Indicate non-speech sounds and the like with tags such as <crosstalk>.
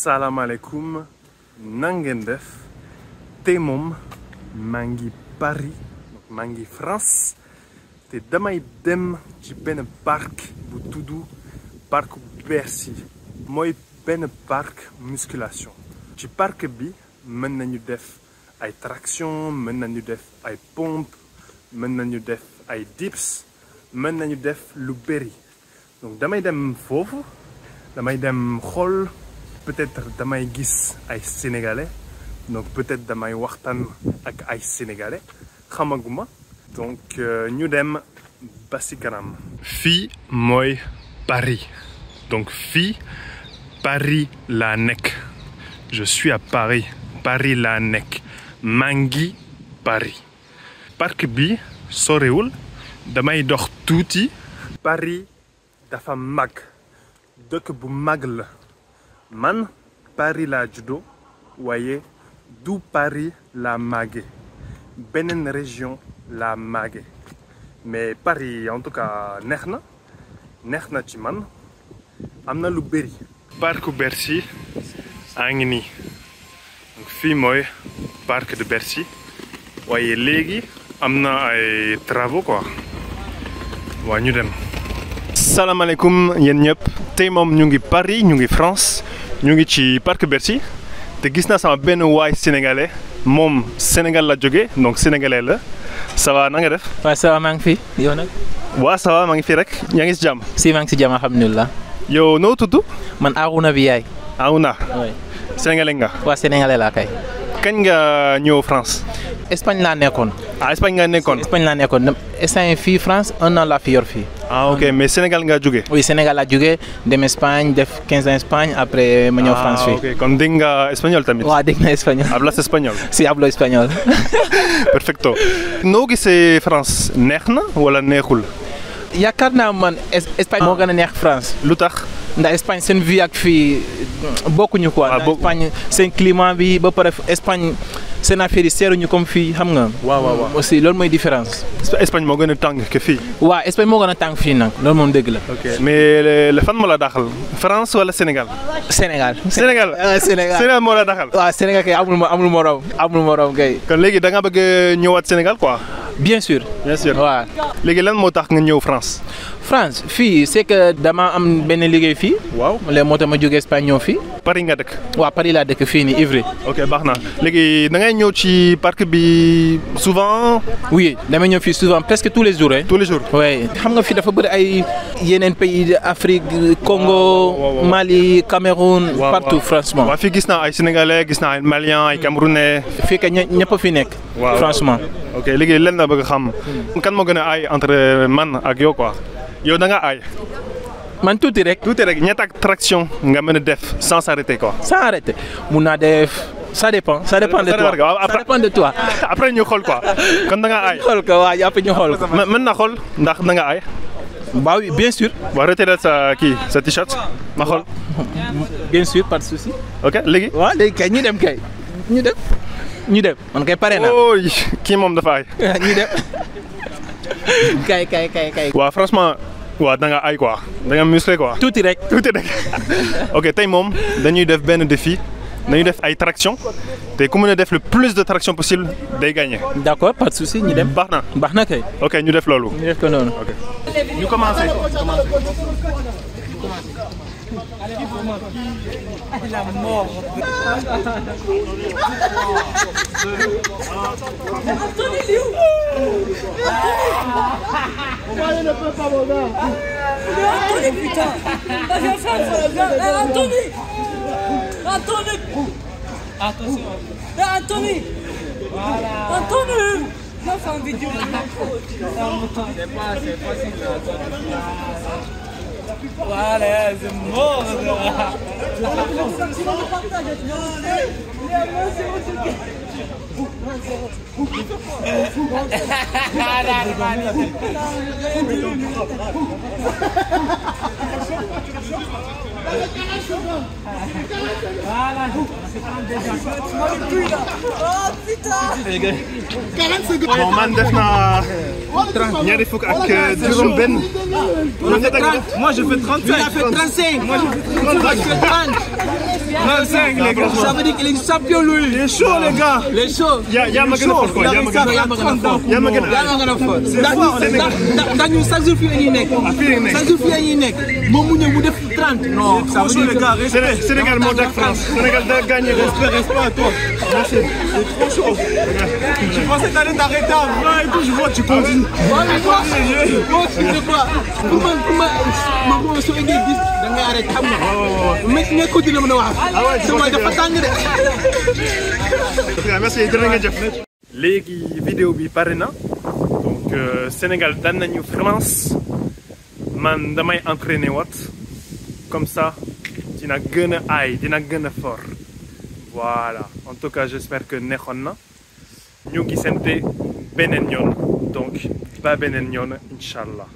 salaamaaleykum na ngeen def te moom maa ngi Paris maa France te damay dem ci benn parc bu tudd parc Bercy mooy benn parc musculation ci parc bi mën nañu def ay traction mën nañu def ay pompe mën nañu def ay dips mën nañu def lu bëri donc damay dem foofu damay dem xool peut-être damay gis ay sénégalais donc peut-être damay waxtaan ak ay sénégalais xamaguma donc euh, ñu dem ba si kanam fii mooy Paris donc fii Paris laa nekk je suis à Paris Paris laa nekk maa ngi Paris parc bi sorewul damay dox tuuti Paris dafa mag dëkk bu mag la man Paris laa juddoo waaye du Paris laa màggee beneen région laa màggee mais Paris en tout cas neex na neex na ci man am na lu béri parc Bercy a ngi nii fii mooy parc de Bercy waaye léegi am na ay travaux quoi waa ñu dem. salaamaaleykum yéen ñëpp tey moom ñu ngi Paris ñu ngi France. ñu ngi ci parc Bercy te gis na sama benn waay sénégalais moom Sénégal la jóge donc sénégalais la ça na nga def. waaw ça va maa ngi fi yow nag. waa ça va maa ngi fi rek yaa ngi si jàmm. si maa ngi si jàmm alhamdulilah. yow noo tudd. man Arouna bi yaay. Arouna. oui nga. waa sénégalais laa kañ nga ñëw France. Espagne laa nekkoon. ah Espagne nga nekkoon. Espagne laa nekkoon Espagne fii France un an laa fi fii. ah ok mais Sénégal nga jógee. oui Sénégal laa jógee dem Espagne def 15 ans Espagne après ma ñëw ah, France fii. kon dégg nga espagnol tamit. waaw dégg na espagnol. hablas espagnol. si <laughs> hablo espagnol. <laughs> perfecto noo gisee France neex na wala neexul. yaakaar na man Espagne moo gën a neex France. lu tax. ndax Espagne seen vie ak fii bokkuñu quoi. ah Espagne seen climat bi ba pare Espagne. seen affaire yi comme fii xam nga. waaw waaw loolu mooy différence. Espagne moo gën a tàng que fii. waaw Espagne moo a tàng fii nag loolu moom dëgg la. ok fan moo la daxal France wala Sénégal. Sénégal. Sénégal <laughs> Sénégal moo daxal. waaw Sénégal kay amul ma amul morom amul morom kay. kon léegi da nga bëgg ñëwaat Sénégal quoi. bien sûr. bien sûr léegi lan moo tax nga ñëw France. France fii c'est que damaa am benn liggéey fii. waaw léegi moo tax ma jóge Espagne ñëw fi Paris nga dëkk. waaw Paris laa dëkk fii nii Ivry. ok baax na léegi da ñëw ci parc bi souvent. oui damay ñëw fii souvent presque tous les jours hein. tous les jours oui. nga fii dafa bëri ay yeneen pays d'Afrique Congo. Mali Cameroun. partout franchement. waaw fii gis naa ay sénégalais gis naa ay maliens ay camerounais. fii que ñëpp fi nekk. franchement. ok léegi lenn la bëgg xam. Hmm. kan moo gën ay aay entre man ak yow quoi yow da nga aay. man tuuti rek. tuuti rek ñetti ak traction nga mën a def sans s'arrêter ko sans arrêter mun naa def. sa dépend ça dépend de toi ça dépend <laughs> après ñu xool quoi kon da nga aay. <laughs> xool ko waaw après mën na xool ndax da nga aay. Bah oui, bien sûr. Bon, arrêtez là, ça, qui Ça t-shirt Mahol Bien sûr, pas de souci. Ok, les gars Ouais, les gars, dem sommes. ñu sommes. ñu dem man kay pare naa. kii moom dafa ay. <laughs> ñu dem kay kay kay kay. waaw franchement waaw da nga ay quoi da nga musclé quoi. tuuti rek tuuti rek. <laughs> ok tey moom dañuy def benn défi dañuy def ay traction te ku mën a def le plus de traction possible day gagné. d' accord pas de souci ñu dem. baax na baax na kay. ok ñu def loolu. ñu def ko La mort. Anthony, il est où Anthony ne peut pas, mon gars. Anthony, putain. J'ai fait le gars. Anthony. Anthony. Attention. Anthony. Voilà. Anthony. Là, c'est en vidéo. C'est pas, c'est facile. Voilà, c'est mort <laughs> Voilà, Oh putain! 40 secondes. bon man def naa ñaari fukk ak euh, juróom benn. moi je fais 35. moi je fais 35. 25 les gars. Ça veut dire qu'il est champion lui. Il est chaud les gars. Il est chaud. Yaa ma gën a fort quoi. Yaa ma gën a fort. Yaa ma gën a fort. Yaa ma gën a fort. Ndax ñu ndax ñu chaque jour ah, fii la ñuy nekk. Chaque jour fii la ñuy nekk. Moom mu ñëw mu def 30. Non, ça veut dire les gars, respect. Sénégal moo dàq France. Sénégal da gagné. Respect, respect à toi. Merci. C'est trop chaud. Je pensais t'allais t'arrêter avant et tout, je vois tu ah continues. Moi, je vois. Moi, je sais pas. Comment comment ma promotion est 10 nga arrêté xam nga. mais mais ku di la mën a wax. Ah sama dafa tàng de. merci jërë ngeen jëf. léegi vidéo bi pare na donc euh, Sénégal daan nañu France man damay entraîné wat comme ça dina gën a aay dina gën a for voilà en tout cas j'espère que neexoon na ñu sente beneen yoon donc ba beneen yoon incha allah.